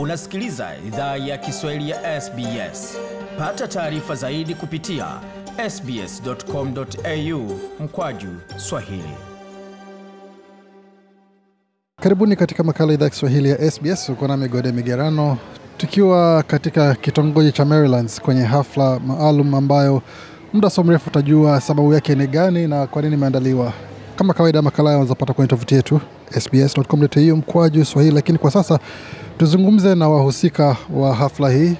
Unasikiliza idhaa ya Kiswahili ya SBS. Pata taarifa zaidi kupitia sbs.com.au mkwaju swahili. Karibuni katika makala idhaa ya Kiswahili ya SBS. Uko na Migode Migerano, tukiwa katika kitongoji cha Marylands kwenye hafla maalum ambayo muda so mrefu utajua sababu yake ni gani na kwa nini imeandaliwa. Kama kawaida, makala haya unaweza kwenye tovuti yetu sbs.com.au mkwaju swahili, lakini kwa sasa Tuzungumze na wahusika wa hafla hii,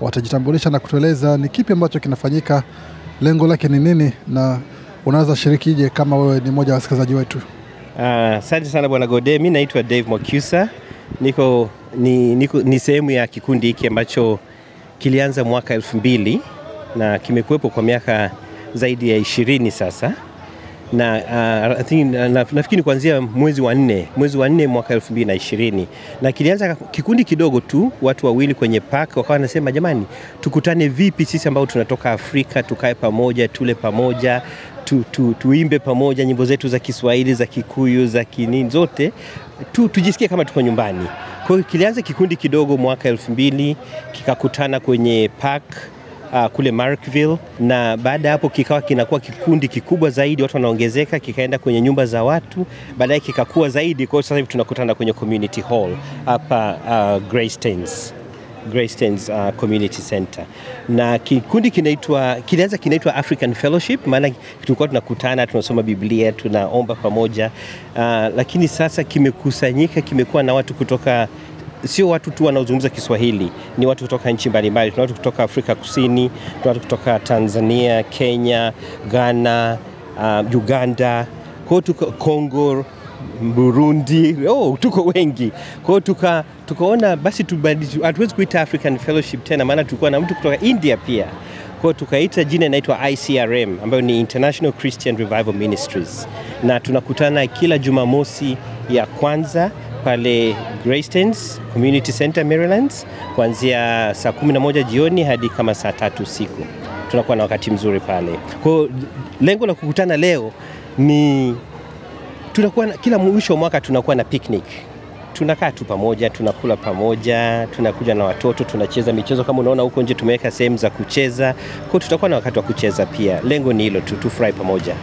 watajitambulisha na kutueleza ni kipi ambacho kinafanyika, lengo lake ni nini, na unaweza shirikije kama wewe ni mmoja wa wasikilizaji wetu? Ah, asante uh, sana bwana Gode. Mi naitwa Dave Mwakyusa, niko ni, niko, ni sehemu ya kikundi hiki ambacho kilianza mwaka elfu mbili na kimekuwepo kwa miaka zaidi ya ishirini sasa na uh, nafikiri kuanzia mwezi wa nne mwezi wa nne mwaka 2020 na kilianza kikundi kidogo tu, watu wawili kwenye park, wakawa wanasema jamani, tukutane vipi sisi ambao tunatoka Afrika, tukae pamoja, tule pamoja tu, tu, tuimbe pamoja nyimbo zetu za Kiswahili za Kikuyu za kinini zote tu, tujisikie kama tuko nyumbani. Kwa hiyo kilianza kikundi kidogo mwaka elfu mbili kikakutana kwenye park uh, kule Markville, na baada ya hapo kikawa kinakuwa kikundi kikubwa zaidi, watu wanaongezeka, kikaenda kwenye nyumba za watu, baadaye kikakua zaidi. Kwa hiyo sasa hivi tunakutana kwenye community hall hapa uh, Greystanes Greystanes uh, Community Center na kikundi kinaitwa kilianza kinaitwa African Fellowship, maana tulikuwa tunakutana tunasoma Biblia tunaomba pamoja uh, lakini sasa kimekusanyika kimekuwa na watu kutoka sio watu tu wanaozungumza Kiswahili, ni watu kutoka nchi mbalimbali. Tuna watu kutoka Afrika Kusini, tuna watu kutoka Tanzania, Kenya, Ghana, uh, Uganda, kwao tuko Kongo, Burundi. Oh, tuko wengi. kwao tuka, tukaona basi hatuwezi kuita African Fellowship tena, maana tulikuwa na mtu kutoka India pia kwa tukaita jina inaitwa ICRM ambayo ni International Christian Revival Ministries, na tunakutana kila Jumamosi ya kwanza pale Greystanes Community Center Maryland, kuanzia saa 11 jioni hadi kama saa tatu usiku. Tunakuwa na wakati mzuri pale. Kwa hiyo lengo la kukutana leo ni tunakuwa kila mwisho wa mwaka tunakuwa na picnic tunakaa tu pamoja, tunakula pamoja, tunakuja na watoto, tunacheza michezo kama unaona huko nje, tumeweka sehemu za kucheza. Kwa tutakuwa na wakati wa kucheza pia. Lengo ni hilo tu, tufurahi pamoja.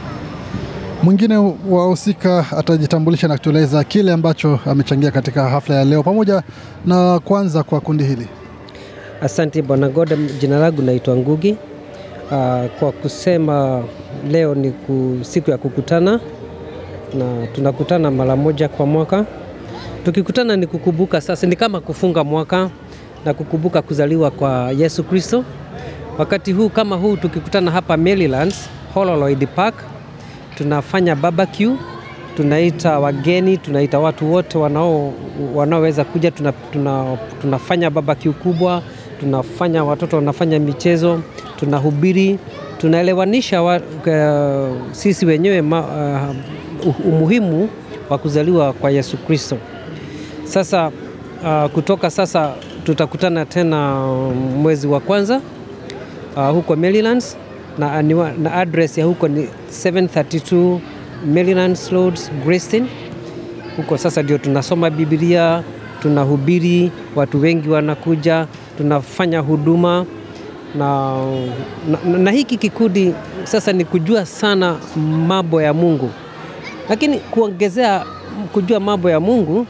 Mwingine wa wahusika atajitambulisha na kutueleza kile ambacho amechangia katika hafla ya leo, pamoja na kwanza kwa kundi hili. Asante bwana Goda, jina langu naitwa Ngugi. Uh, kwa kusema leo ni siku ya kukutana na tunakutana mara moja kwa mwaka. Tukikutana ni kukumbuka, sasa ni kama kufunga mwaka na kukumbuka kuzaliwa kwa Yesu Kristo. Wakati huu kama huu tukikutana hapa Maryland, Holroyd Park tunafanya barbecue, tunaita wageni, tunaita watu wote wanao wanaoweza kuja tuna, tuna, tunafanya barbecue kubwa, tunafanya watoto wanafanya michezo, tunahubiri, tunaelewanisha wa, uh, sisi wenyewe uh, umuhimu wa kuzaliwa kwa Yesu Kristo. Sasa uh, kutoka sasa tutakutana tena mwezi wa kwanza uh, huko Maryland na, uh, na, na address ya huko ni 732 Maryland Road, Grayston. Huko sasa ndio tunasoma Biblia, tunahubiri, watu wengi wanakuja, tunafanya huduma na, na, na hiki kikundi sasa ni kujua sana mambo ya Mungu, lakini kuongezea kujua mambo ya Mungu,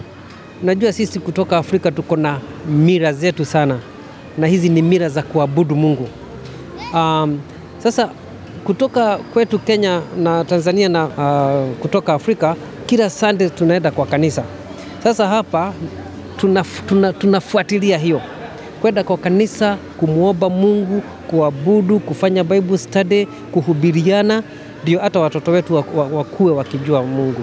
najua sisi kutoka Afrika tuko na mira zetu sana, na hizi ni mira za kuabudu Mungu um, sasa kutoka kwetu Kenya na Tanzania na uh, kutoka Afrika kila Sunday tunaenda kwa kanisa. Sasa hapa tunafuatilia tuna, tuna hiyo kwenda kwa kanisa kumwomba Mungu, kuabudu, kufanya Bible study, kuhubiriana, ndio hata watoto wetu wakuwe wakijua Mungu.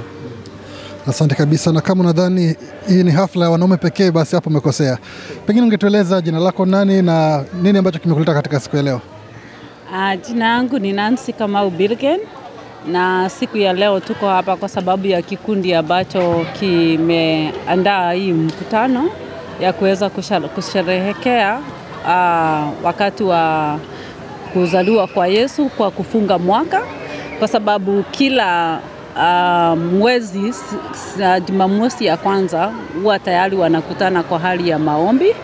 Asante kabisa. Na kama unadhani hii ni hafla ya wanaume pekee, basi hapo umekosea. Pengine ungetueleza jina lako nani na nini ambacho kimekuleta katika siku ya leo? Ah, jina yangu ni Nancy Kamau Bilgen na siku ya leo tuko hapa kwa sababu ya kikundi ambacho kimeandaa hii mkutano ya kuweza kusherehekea uh, wakati wa kuzaliwa kwa Yesu kwa kufunga mwaka, kwa sababu kila uh, mwezi Jumamosi ya kwanza huwa tayari wanakutana kwa hali ya maombi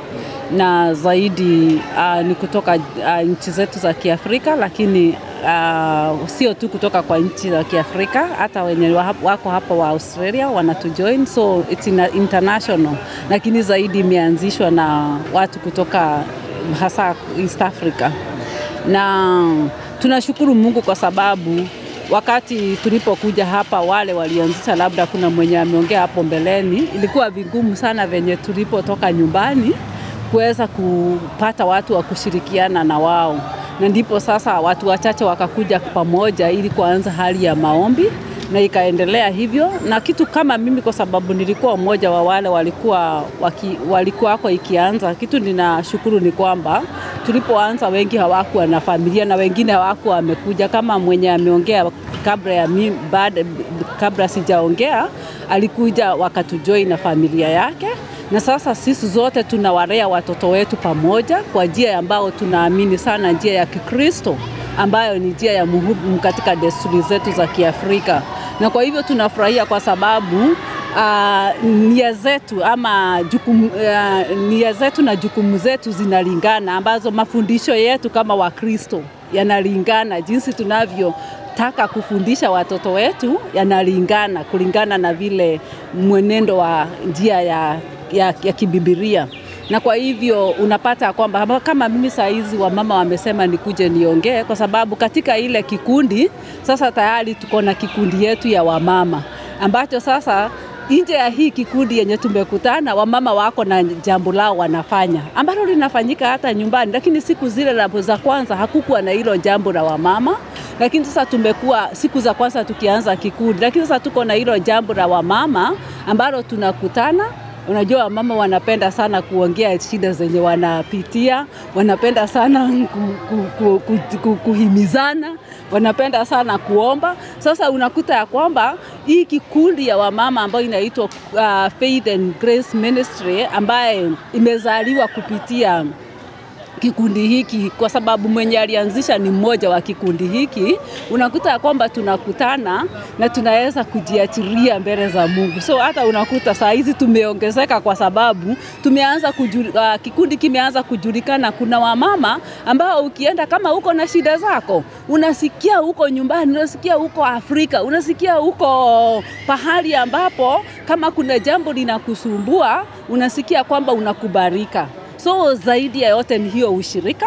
na zaidi uh, ni kutoka uh, nchi zetu za Kiafrika, lakini uh, sio tu kutoka kwa nchi za Kiafrika, hata wenye wako hapa wa Australia wanatujoin, so it's international, lakini zaidi imeanzishwa na watu kutoka hasa East Africa, na tunashukuru Mungu kwa sababu wakati tulipokuja hapa, wale walianzisha, labda kuna mwenye ameongea hapo mbeleni, ilikuwa vigumu sana venye tulipotoka nyumbani kuweza kupata watu wa kushirikiana na wao, na ndipo sasa watu wachache wakakuja pamoja ili kuanza hali ya maombi na ikaendelea hivyo, na kitu kama mimi, kwa sababu nilikuwa mmoja wa wale walikuwa waki, walikuwa wako ikianza. Kitu ninashukuru ni kwamba tulipoanza wengi hawakuwa na familia na wengine hawakuwa wamekuja, kama mwenye ameongea kabla ya mimi, baada kabla sijaongea, alikuja wakatujoin na familia yake na sasa sisi zote tunawalea watoto wetu pamoja kwa njia ambayo tunaamini sana, njia ya Kikristo ambayo ni njia ya muhimu katika desturi zetu za Kiafrika, na kwa hivyo tunafurahia kwa sababu Uh, nia zetu ama jukumu, uh, nia zetu na jukumu zetu zinalingana, ambazo mafundisho yetu kama Wakristo yanalingana, jinsi tunavyotaka kufundisha watoto wetu yanalingana kulingana na vile mwenendo wa njia ya ya, ya kibibiria na kwa hivyo unapata kwamba kama mimi saa hizi wamama wamesema nikuje niongee, kwa sababu katika ile kikundi sasa tayari tuko na kikundi yetu ya wamama ambacho sasa nje ya hii kikundi yenye tumekutana, wamama wako na jambo lao wanafanya ambalo linafanyika hata nyumbani, lakini siku zile za kwanza hakukuwa na hilo jambo la wamama lakini sasa tumekuwa siku za kwanza tukianza kikundi, lakini sasa tuko na hilo jambo la wamama ambalo tunakutana Unajua wamama wanapenda sana kuongea shida zenye wanapitia, wanapenda sana ku, ku, ku, ku, ku, kuhimizana, wanapenda sana kuomba. Sasa unakuta ya kwamba hii kikundi ya wamama ambayo inaitwa uh, Faith and Grace Ministry ambaye imezaliwa kupitia kikundi hiki kwa sababu mwenye alianzisha ni mmoja wa kikundi hiki. Unakuta ya kwamba tunakutana na tunaweza kujiachilia mbele za Mungu. So hata unakuta saa hizi tumeongezeka kwa sababu tumeanza uh, kikundi kimeanza kujulikana. Kuna wamama ambao ukienda kama uko na shida zako, unasikia huko nyumbani, unasikia huko Afrika, unasikia huko pahali ambapo kama kuna jambo linakusumbua, unasikia kwamba unakubarika. So zaidi ya yote ni hiyo ushirika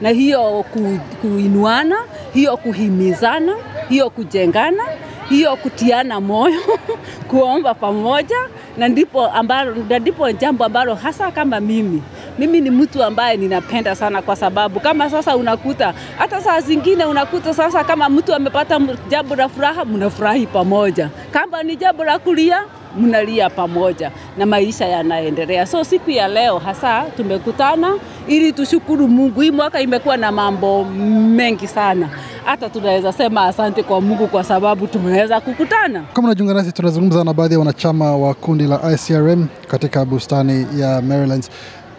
na hiyo ku, kuinuana, hiyo kuhimizana, hiyo kujengana, hiyo kutiana moyo kuomba pamoja, na ndipo ambalo, na ndipo jambo ambalo hasa kama mimi mimi ni mtu ambaye ninapenda sana, kwa sababu kama sasa unakuta hata saa zingine unakuta sasa, kama mtu amepata jambo la furaha, mnafurahi pamoja. Kama ni jambo la kulia mnalia pamoja na maisha yanaendelea. So siku ya leo hasa tumekutana ili tushukuru Mungu. Hii mwaka imekuwa na mambo mengi sana, hata tunaweza sema asante kwa Mungu kwa sababu tumeweza kukutana. Kama unajiunga nasi, tunazungumza na baadhi ya wanachama wa kundi la ICRM katika bustani ya Maryland.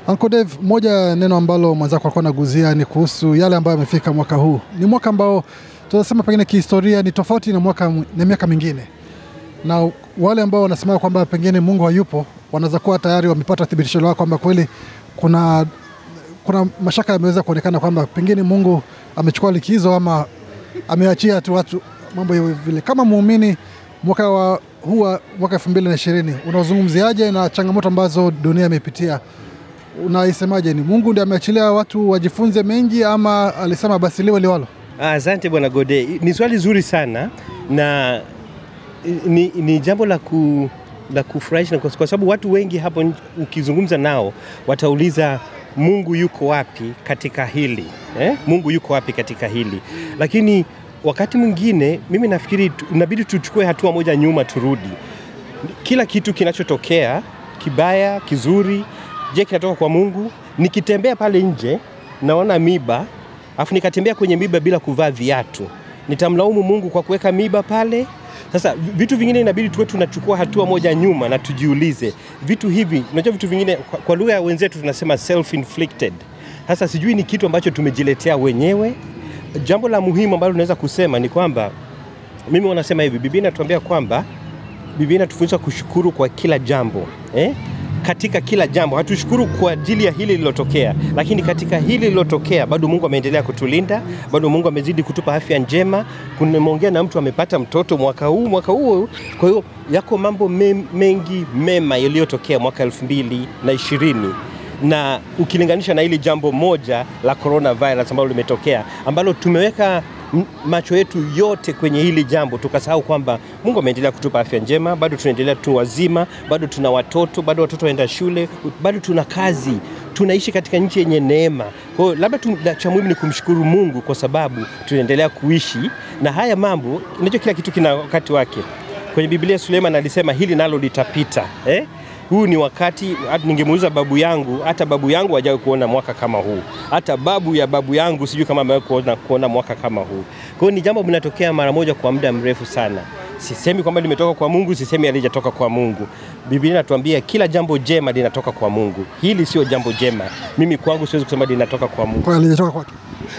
Uncle Dave, moja neno ambalo mwenzako alikuwa anaguzia ni kuhusu yale ambayo yamefika mwaka huu. Ni mwaka ambao tunasema pengine kihistoria ni tofauti na mwaka na miaka mingine na wale ambao wanasema kwamba pengine Mungu hayupo wanaweza kuwa tayari wamepata thibitisho lao kwamba kweli kuna, kuna mashaka yameweza kuonekana kwamba pengine Mungu amechukua likizo ama ameachia tu watu mambo hiyo vile. Kama muumini mwaka wa huwa mwaka elfu mbili na ishirini unazungumziaje na changamoto ambazo dunia imepitia? Unaisemaje? Ni Mungu ndiye ameachilia watu wajifunze mengi, ama alisema basi liwe liwalo? Asante ah, Bwana Gode, ni swali zuri sana na ni, ni jambo la ku la kufurahisha kwa sababu watu wengi hapo ukizungumza nao watauliza Mungu yuko wapi katika hili eh? Mungu yuko wapi katika hili lakini wakati mwingine mimi nafikiri inabidi tuchukue hatua moja nyuma, turudi. Kila kitu kinachotokea kibaya, kizuri, je, kinatoka kwa Mungu? Nikitembea pale nje naona miba, afu nikatembea kwenye miba bila kuvaa viatu, nitamlaumu Mungu kwa kuweka miba pale? Sasa vitu vingine inabidi tuwe tunachukua hatua moja nyuma na tujiulize vitu hivi. Unajua vitu vingine kwa, kwa lugha ya wenzetu tunasema self inflicted. Sasa sijui ni kitu ambacho tumejiletea wenyewe. Jambo la muhimu ambalo tunaweza kusema ni kwamba mimi wanasema hivi, Biblia inatuambia kwamba Biblia inatufunza kushukuru kwa kila jambo eh? katika kila jambo. Hatushukuru kwa ajili ya hili lilotokea, lakini katika hili lilotokea bado Mungu ameendelea kutulinda, bado Mungu amezidi kutupa afya njema. Kumeongea na mtu amepata mtoto mwaka huu mwaka huu. Kwa hiyo yako mambo mengi mema yaliyotokea mwaka elfu mbili na ishirini na ukilinganisha na hili jambo moja la coronavirus ambalo limetokea ambalo tumeweka macho yetu yote kwenye hili jambo, tukasahau kwamba Mungu ameendelea kutupa afya njema, bado tunaendelea tu wazima, bado tuna watoto, bado watoto waenda shule, bado tuna kazi, tunaishi katika nchi yenye neema. Kwa hiyo labda cha muhimu ni kumshukuru Mungu kwa sababu tunaendelea kuishi na haya mambo. Unajua, kila kitu kina wakati wake. Kwenye Biblia Suleiman alisema hili nalo litapita eh? huu ni wakati, ningemuuliza babu yangu, hata babu yangu hajawahi kuona mwaka kama huu, hata babu ya babu yangu sijui kama amewahi kuona, kuona mwaka kama huu. Kwa hiyo ni jambo linatokea mara moja kwa muda mrefu sana. Sisemi kwamba limetoka kwa Mungu, sisemi alijatoka kwa Mungu, Biblia inatuambia kila jambo jema linatoka kwa Mungu. Hili sio jambo jema, mimi kwangu siwezi kusema linatoka kwa Mungu, kwa halijatoka kwake,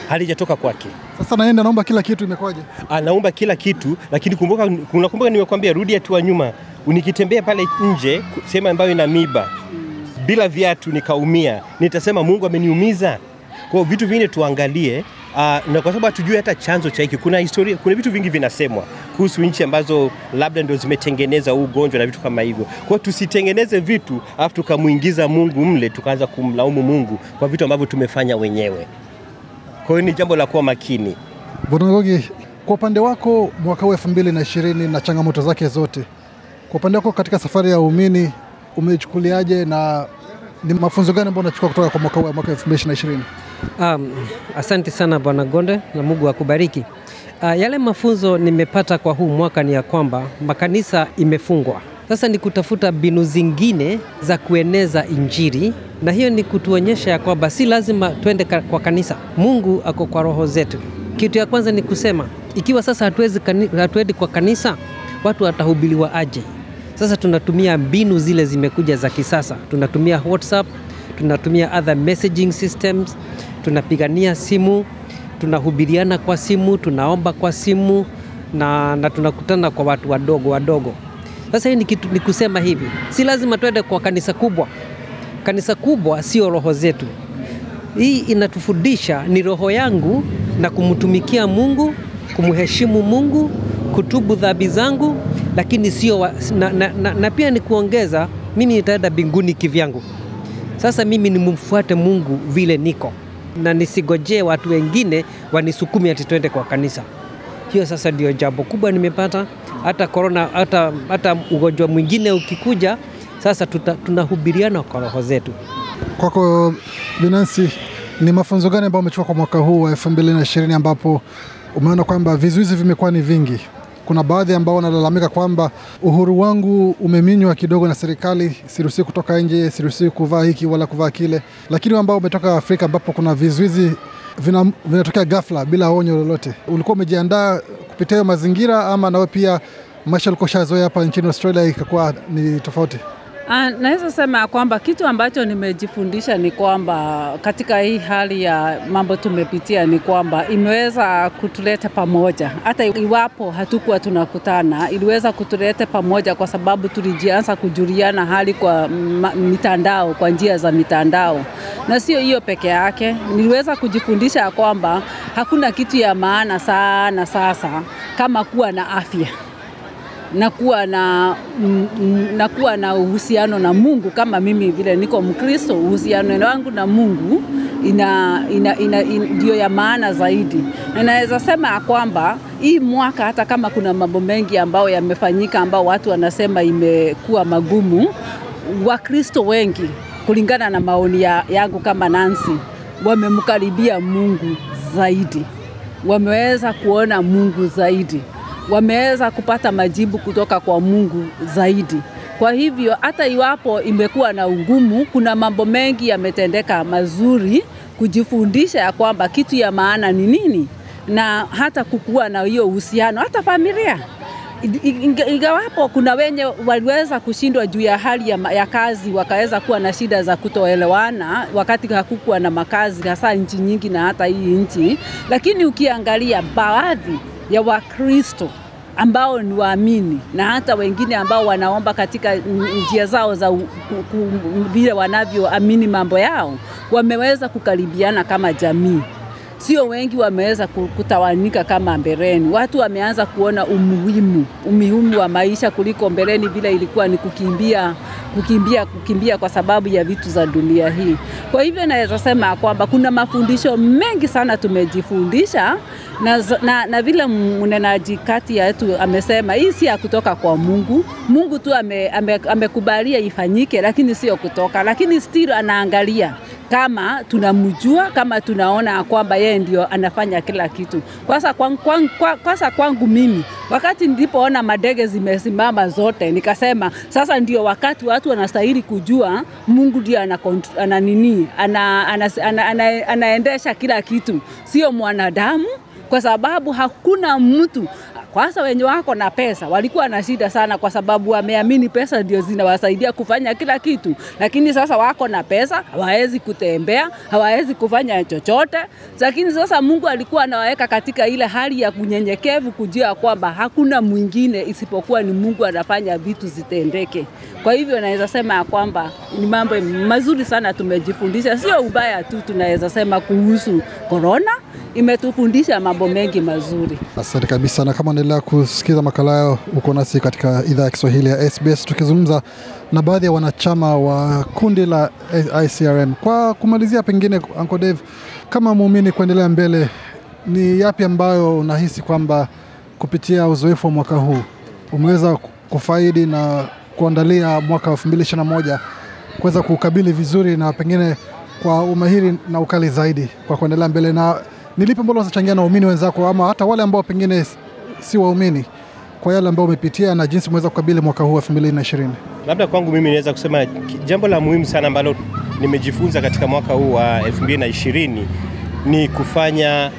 halijatoka kwake. Sasa naenda naomba kila kitu, imekwaje? Anaomba ah, kila kitu, lakini kumbuka, unakumbuka nimekwambia, rudi hatua nyuma, nikitembea pale nje sehemu ambayo ina miba bila viatu nikaumia, nitasema Mungu ameniumiza. Kwa hiyo vitu vingine tuangalie Uh, na kwa sababu hatujui hata chanzo cha hiki, kuna historia, kuna vitu vingi vinasemwa kuhusu nchi ambazo labda ndio zimetengeneza huu ugonjwa na vitu kama hivyo. Kwa hiyo tusitengeneze vitu alafu tukamwingiza Mungu mle tukaanza kumlaumu Mungu kwa vitu ambavyo tumefanya wenyewe. Kwa hiyo ni jambo la kuwa makini. Bwana Ngogi, kwa upande wako mwaka huu elfu mbili na ishirini na changamoto zake zote, kwa upande wako katika safari ya umini umeichukuliaje na ni mafunzo gani ambayo unachukua kutoka kwa mwaka huu mwaka 2020? Um, asante sana Bwana Gonde na Mungu akubariki. Uh, yale mafunzo nimepata kwa huu mwaka ni ya kwamba makanisa imefungwa. Sasa ni kutafuta mbinu zingine za kueneza Injili, na hiyo ni kutuonyesha ya kwamba si lazima twende kwa kanisa. Mungu ako kwa roho zetu. Kitu ya kwanza ni kusema, ikiwa sasa hatuwezi hatuendi kwa kanisa, watu watahubiliwa aje? Sasa tunatumia mbinu zile zimekuja za kisasa, tunatumia WhatsApp, tunatumia other messaging systems, tunapigania simu, tunahubiriana kwa simu, tunaomba kwa simu na, na tunakutana kwa watu wadogo wadogo. Sasa hii ni, kitu, ni kusema hivi, si lazima tuende kwa kanisa kubwa. Kanisa kubwa sio roho zetu. Hii inatufundisha ni roho yangu na kumtumikia Mungu, kumheshimu Mungu, kutubu dhambi zangu lakini sio na, na, na, na pia ni kuongeza, mimi nitaenda binguni kivyangu. Sasa mimi nimumfuate Mungu vile niko na nisigojee watu wengine wanisukumi ati twende kwa kanisa. Hiyo sasa ndio jambo kubwa nimepata. Hata korona, hata, hata ugonjwa mwingine ukikuja, sasa tuta, tunahubiriana kwa roho zetu. Kwako Binansi, ni mafunzo gani ambayo umechukua kwa mwaka huu wa 2020 ambapo umeona kwamba vizuizi vimekuwa ni vingi? kuna baadhi ambao wanalalamika kwamba uhuru wangu umeminywa kidogo na serikali, siruhusi kutoka nje, siruhusi kuvaa hiki wala kuvaa kile. Lakini ambao umetoka Afrika ambapo kuna vizuizi vinatokea vina ghafla bila onyo lolote, ulikuwa umejiandaa kupitia mazingira ama nawe pia maisha ulikuwa hapa nchini Australia ikakuwa ni tofauti? Ah, naweza sema ya kwamba kitu ambacho nimejifundisha ni kwamba katika hii hali ya mambo tumepitia ni kwamba imeweza kutuleta pamoja. Hata iwapo hatukuwa tunakutana, iliweza kutuleta pamoja kwa sababu tulijianza kujuliana hali kwa mitandao, kwa njia za mitandao. Na sio hiyo peke yake, niliweza kujifundisha ya kwamba hakuna kitu ya maana sana sasa kama kuwa na afya na kuwa na, mm, mm, na, kuwa na uhusiano na Mungu kama mimi vile niko Mkristo, uhusiano wangu na Mungu ina, ina, ina, ina, ndio ya maana zaidi, na naweza sema ya kwamba hii mwaka hata kama kuna mambo mengi ambayo yamefanyika ambao watu wanasema imekuwa magumu, Wakristo wengi kulingana na maoni ya, yangu kama Nancy wamemkaribia Mungu zaidi, wameweza kuona Mungu zaidi wameweza kupata majibu kutoka kwa Mungu zaidi. Kwa hivyo hata iwapo imekuwa na ugumu, kuna mambo mengi yametendeka mazuri kujifundisha ya kwamba kitu ya maana ni nini, na hata kukuwa na hiyo uhusiano hata familia ingawapo kuna wenye waliweza kushindwa juu ya hali ya, ya kazi wakaweza kuwa na shida za kutoelewana wakati hakukuwa na makazi, hasa nchi nyingi na hata hii nchi, lakini ukiangalia baadhi ya Wakristo ambao ni waamini na hata wengine ambao wanaomba katika njia zao za vile wanavyoamini mambo yao, wameweza kukaribiana kama jamii sio wengi wameweza kutawanika kama mbeleni. Watu wameanza kuona umuhimu umuhimu wa maisha kuliko mbeleni, bila ilikuwa ni kukimbia kukimbia kukimbia kwa sababu ya vitu za dunia hii. Kwa hivyo naweza sema kwamba kuna mafundisho mengi sana tumejifundisha na, na, na vile mnenaji kati yetu amesema hii si ya kutoka kwa Mungu. Mungu tu amekubalia ame, ame ifanyike, lakini sio kutoka, lakini still anaangalia kama tunamjua, kama tunaona kwamba yeye ndio anafanya kila kitu. Kwanza kwangu, kwa, kwanza kwangu mimi wakati nilipoona madege zimesimama zote, nikasema sasa ndio wakati watu wanastahili kujua Mungu ndio ana, ana nini ana, ana, ana, ana, anaendesha kila kitu, sio mwanadamu, kwa sababu hakuna mtu kwanza wenye wako na pesa walikuwa na shida sana, kwa sababu wameamini pesa ndio zinawasaidia kufanya kila kitu, lakini sasa wako na pesa hawawezi kutembea, hawawezi kufanya chochote. Lakini sasa Mungu alikuwa anawaweka katika ile hali ya kunyenyekevu, kujua kwamba hakuna mwingine isipokuwa ni Mungu anafanya vitu zitendeke. Kwa hivyo naweza sema ya kwamba ni mambo mazuri sana tumejifundisha, sio ubaya tu. Tunaweza sema kuhusu korona imetufundisha mambo mengi mazuri. Asante kabisa na kama unaendelea kusikiza makala yao, uko nasi katika idhaa ya Kiswahili ya SBS tukizungumza na baadhi ya wanachama wa kundi la ICRM. Kwa kumalizia, pengine Uncle Dave, kama muumini kuendelea mbele, ni yapi ambayo unahisi kwamba kupitia uzoefu wa mwaka huu umeweza kufaidi na kuandalia mwaka 2021 kuweza kukabili vizuri na pengine kwa umahiri na ukali zaidi kwa kuendelea mbele, na ni lipi ambalo unachangia na waumini wenzako ama hata wale ambao pengine si waumini kwa yale ambayo umepitia na jinsi umeweza kukabili mwaka huu 2020? Labda kwangu mimi naweza kusema jambo la muhimu sana ambalo nimejifunza katika mwaka huu wa 2020 ni kufanya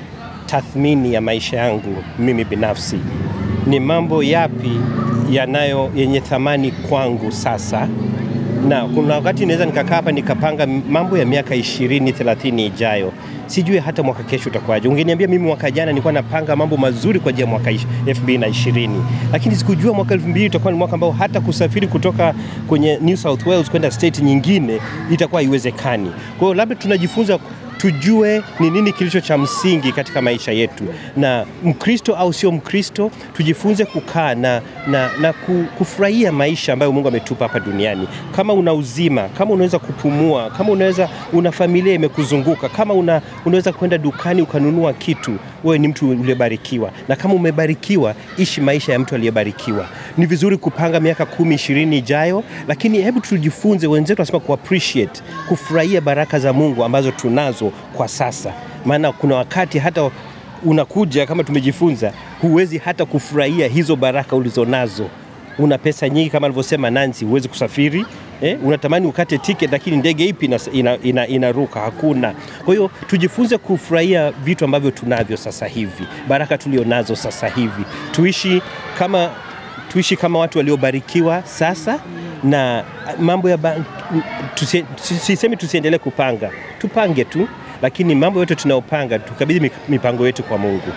tathmini ya maisha yangu mimi binafsi. Ni mambo yapi yanayo yenye thamani kwangu sasa, na kuna wakati naweza nikakaa hapa nikapanga mambo ya miaka 20 30 ijayo sijui hata mwaka kesho utakuwaje. Ungeniambia mimi mwaka jana nilikuwa napanga mambo mazuri kwa ajili ya mwaka 2020 lakini sikujua mwaka 2020 utakuwa ni mwaka ambao hata kusafiri kutoka kwenye New South Wales kwenda state nyingine itakuwa haiwezekani. Kwa hiyo labda tunajifunza tujue ni nini kilicho cha msingi katika maisha yetu, na Mkristo au sio Mkristo, tujifunze kukaa na, na, na kufurahia maisha ambayo Mungu ametupa hapa duniani. Kama una uzima, kama unaweza kupumua, kama unaweza una familia imekuzunguka, kama una, unaweza kwenda dukani ukanunua kitu, wewe ni mtu uliyebarikiwa, na kama umebarikiwa, ishi maisha ya mtu aliyebarikiwa. Ni vizuri kupanga miaka kumi ishirini ijayo, lakini hebu tujifunze, wenzetu wanasema ku appreciate, kufurahia baraka za Mungu ambazo tunazo kwa sasa, maana kuna wakati hata unakuja kama tumejifunza, huwezi hata kufurahia hizo baraka ulizonazo. Una pesa nyingi kama alivyosema Nancy, huwezi kusafiri eh? Unatamani ukate ticket, lakini ndege ipi inaruka? Ina, ina, ina hakuna. Kwa hiyo tujifunze kufurahia vitu ambavyo tunavyo sasa hivi, baraka tulionazo sasa hivi, tuishi kama, tuishi kama watu waliobarikiwa sasa na mambo ya ba... tusisemi tusiendelee kupanga, tupange tu lakini mambo yote tunayopanga tukabidhi mipango yetu kwa Mungu.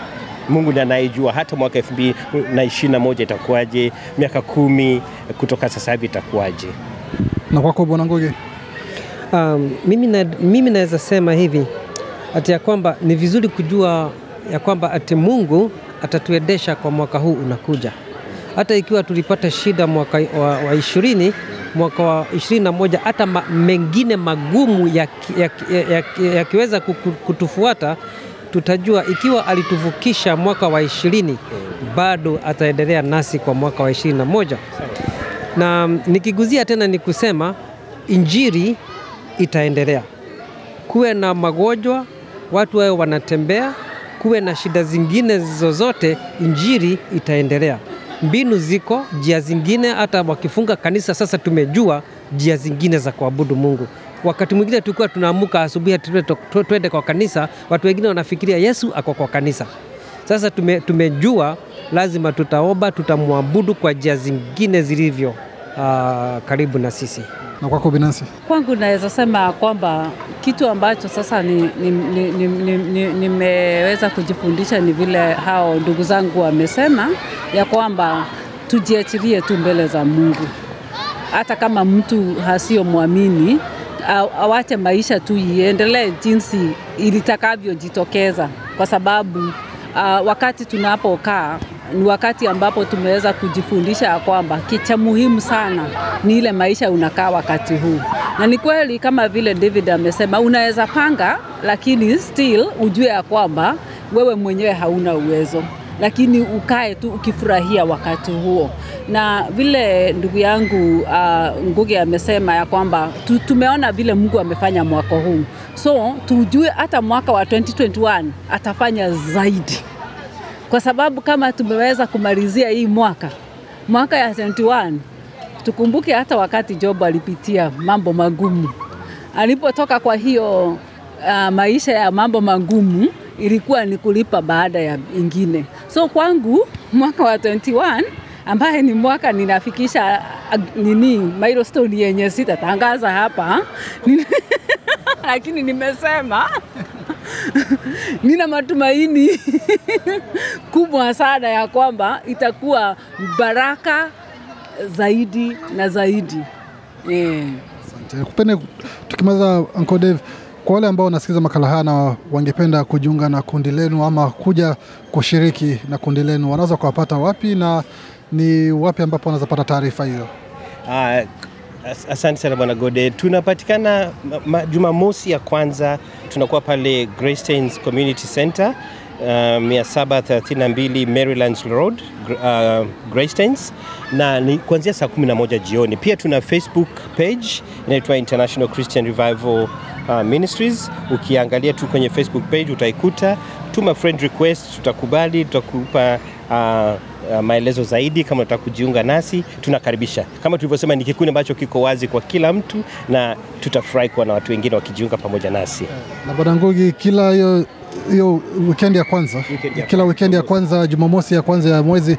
Mungu ndiye anayejua hata mwaka elfu mbili na ishirini na moja itakuwaje, miaka kumi kutoka sasa hivi itakuwaje. Na kwako Bwana Ngoge? Um, mimi na, mimi sema hivi ati ya kwamba ni vizuri kujua ya kwamba ati Mungu atatuendesha kwa mwaka huu unakuja hata ikiwa tulipata shida mwaka wa ishirini mwaka wa ishirini na moja hata ma, mengine magumu yakiweza ya, ya, ya kutufuata tutajua ikiwa alituvukisha mwaka wa ishirini bado ataendelea nasi kwa mwaka wa ishirini na moja na nikiguzia tena ni kusema injiri itaendelea. Kuwe na magonjwa, watu wao wanatembea, kuwe na shida zingine zozote, injiri itaendelea mbinu ziko, njia zingine. Hata wakifunga kanisa, sasa tumejua njia zingine za kuabudu Mungu. Wakati mwingine tulikuwa tunaamuka asubuhi twende kwa kanisa, watu wengine wanafikiria Yesu ako kwa kanisa. Sasa tume, tumejua lazima tutaomba, tutamwabudu kwa njia zingine zilivyo uh, karibu na sisi. Na kwako binafsi? Kwangu naweza sema kwamba kitu ambacho sasa nimeweza ni, ni, ni, ni, ni kujifundisha ni vile hao ndugu zangu wamesema ya kwamba tujiachilie tu mbele za Mungu, hata kama mtu hasiyomwamini awache maisha tu iendelee jinsi ilitakavyojitokeza, kwa sababu uh, wakati tunapokaa ni wakati ambapo tumeweza kujifundisha ya kwamba kicha muhimu sana ni ile maisha unakaa wakati huu, na ni kweli kama vile David amesema, unaweza panga, lakini still ujue ya kwamba wewe mwenyewe hauna uwezo lakini ukae tu ukifurahia wakati huo, na vile ndugu yangu uh, Ngugi amesema ya kwamba tu, tumeona vile Mungu amefanya mwaka huu, so tujue hata mwaka wa 2021 atafanya zaidi kwa sababu kama tumeweza kumalizia hii mwaka mwaka ya 21 tukumbuke hata wakati Job alipitia mambo magumu alipotoka. Kwa hiyo uh, maisha ya mambo magumu ilikuwa ni kulipa baada ya ingine. So kwangu mwaka wa 21 ambaye ni mwaka ninafikisha ah, nini milestone yenye sitatangaza hapa lakini nimesema nina matumaini kubwa sana ya kwamba itakuwa baraka zaidi na zaidi yeah. tukimaliza Uncle Dave, kwa wale ambao wanasikiliza makala haya na wangependa kujiunga na kundi lenu ama kuja kushiriki na kundi lenu, wanaweza kuwapata wapi na ni wapi ambapo wanaweza pata taarifa hiyo? Ah, asante sana Bwana Gode. Tunapatikana Jumamosi ya kwanza, tunakuwa pale Greystanes Community Center uh, 732 Maryland Road uh, Greystanes na ni kuanzia saa 11 jioni. Pia tuna Facebook page inaitwa International Christian Revival uh, Ministries. Ukiangalia tu kwenye Facebook page utaikuta, tuma friend request, tutakubali, tutakupa uh, maelezo zaidi. Kama unataka kujiunga nasi, tunakaribisha. Kama tulivyosema, ni kikundi ambacho kiko wazi kwa kila mtu, na tutafurahi kuwa na watu wengine wakijiunga pamoja nasi. Na Bwana Ngugi, kila hiyo hiyo weekend ya kwanza weekend ya kila weekend ya kwanza, Jumamosi ya kwanza ya mwezi,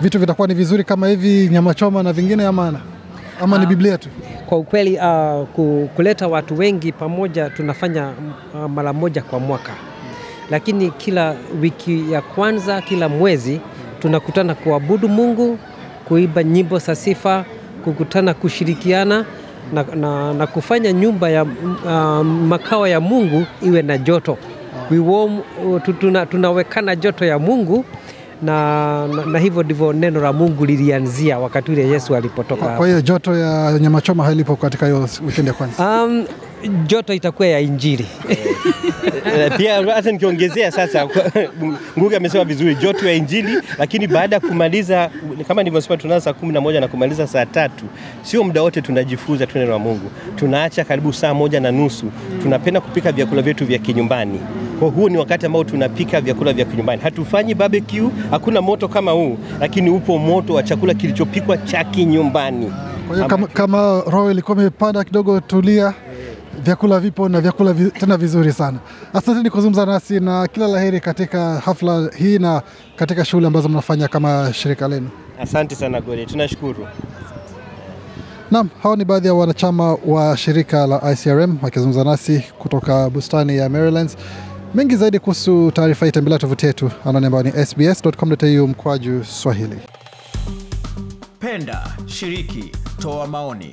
vitu vitakuwa ni vizuri kama hivi, nyama choma na vingine, ama ama ni ah, Biblia tu kwa ukweli. Uh, kuleta watu wengi pamoja tunafanya uh, mara moja kwa mwaka lakini kila wiki ya kwanza, kila mwezi tunakutana kuabudu Mungu, kuimba nyimbo za sifa, kukutana, kushirikiana na, na, na kufanya nyumba ya uh, makao ya Mungu iwe na joto ah. warm, tuna, tunawekana joto ya Mungu na, na, na hivyo ndivyo neno la Mungu lilianzia wakati ule Yesu alipotoka. Kwa hiyo joto ya nyama choma halipo katika hiyo wikendi ya kwanza. Um, joto itakuwa ya Injili. Eh, eh, pia hata nikiongezea sasa, Ngugi amesema vizuri, joto ya Injili, lakini baada ya kumaliza, kama nilivyosema, tunaanza saa kumi na moja na kumaliza saa tatu. Sio muda wote tunajifunza tu neno la Mungu, tunaacha karibu saa moja na nusu. Tunapenda kupika vyakula vyetu vya kinyumbani. Kwa huo ni wakati ambao tunapika vyakula vya kinyumbani, hatufanyi barbecue, hakuna moto kama huu, lakini upo moto wa chakula kilichopikwa cha kinyumbani. Kwa hiyo kama, kama roho ilikuwa imepanda kidogo, tulia vyakula vipo na vyakula vi, tena vizuri sana. Asanteni kuzungumza nasi na kila laheri katika hafla hii na katika shughuli ambazo mnafanya kama shirika lenu. Asante sana Gode, tunashukuru. Naam, hawa ni baadhi ya wanachama wa shirika la ICRM wakizungumza nasi kutoka bustani ya Marylands. Mengi zaidi kuhusu taarifa hii, tembelea tovuti yetu anwani ambayo ni sbs.com.au mkwaju Swahili. Penda, shiriki, toa maoni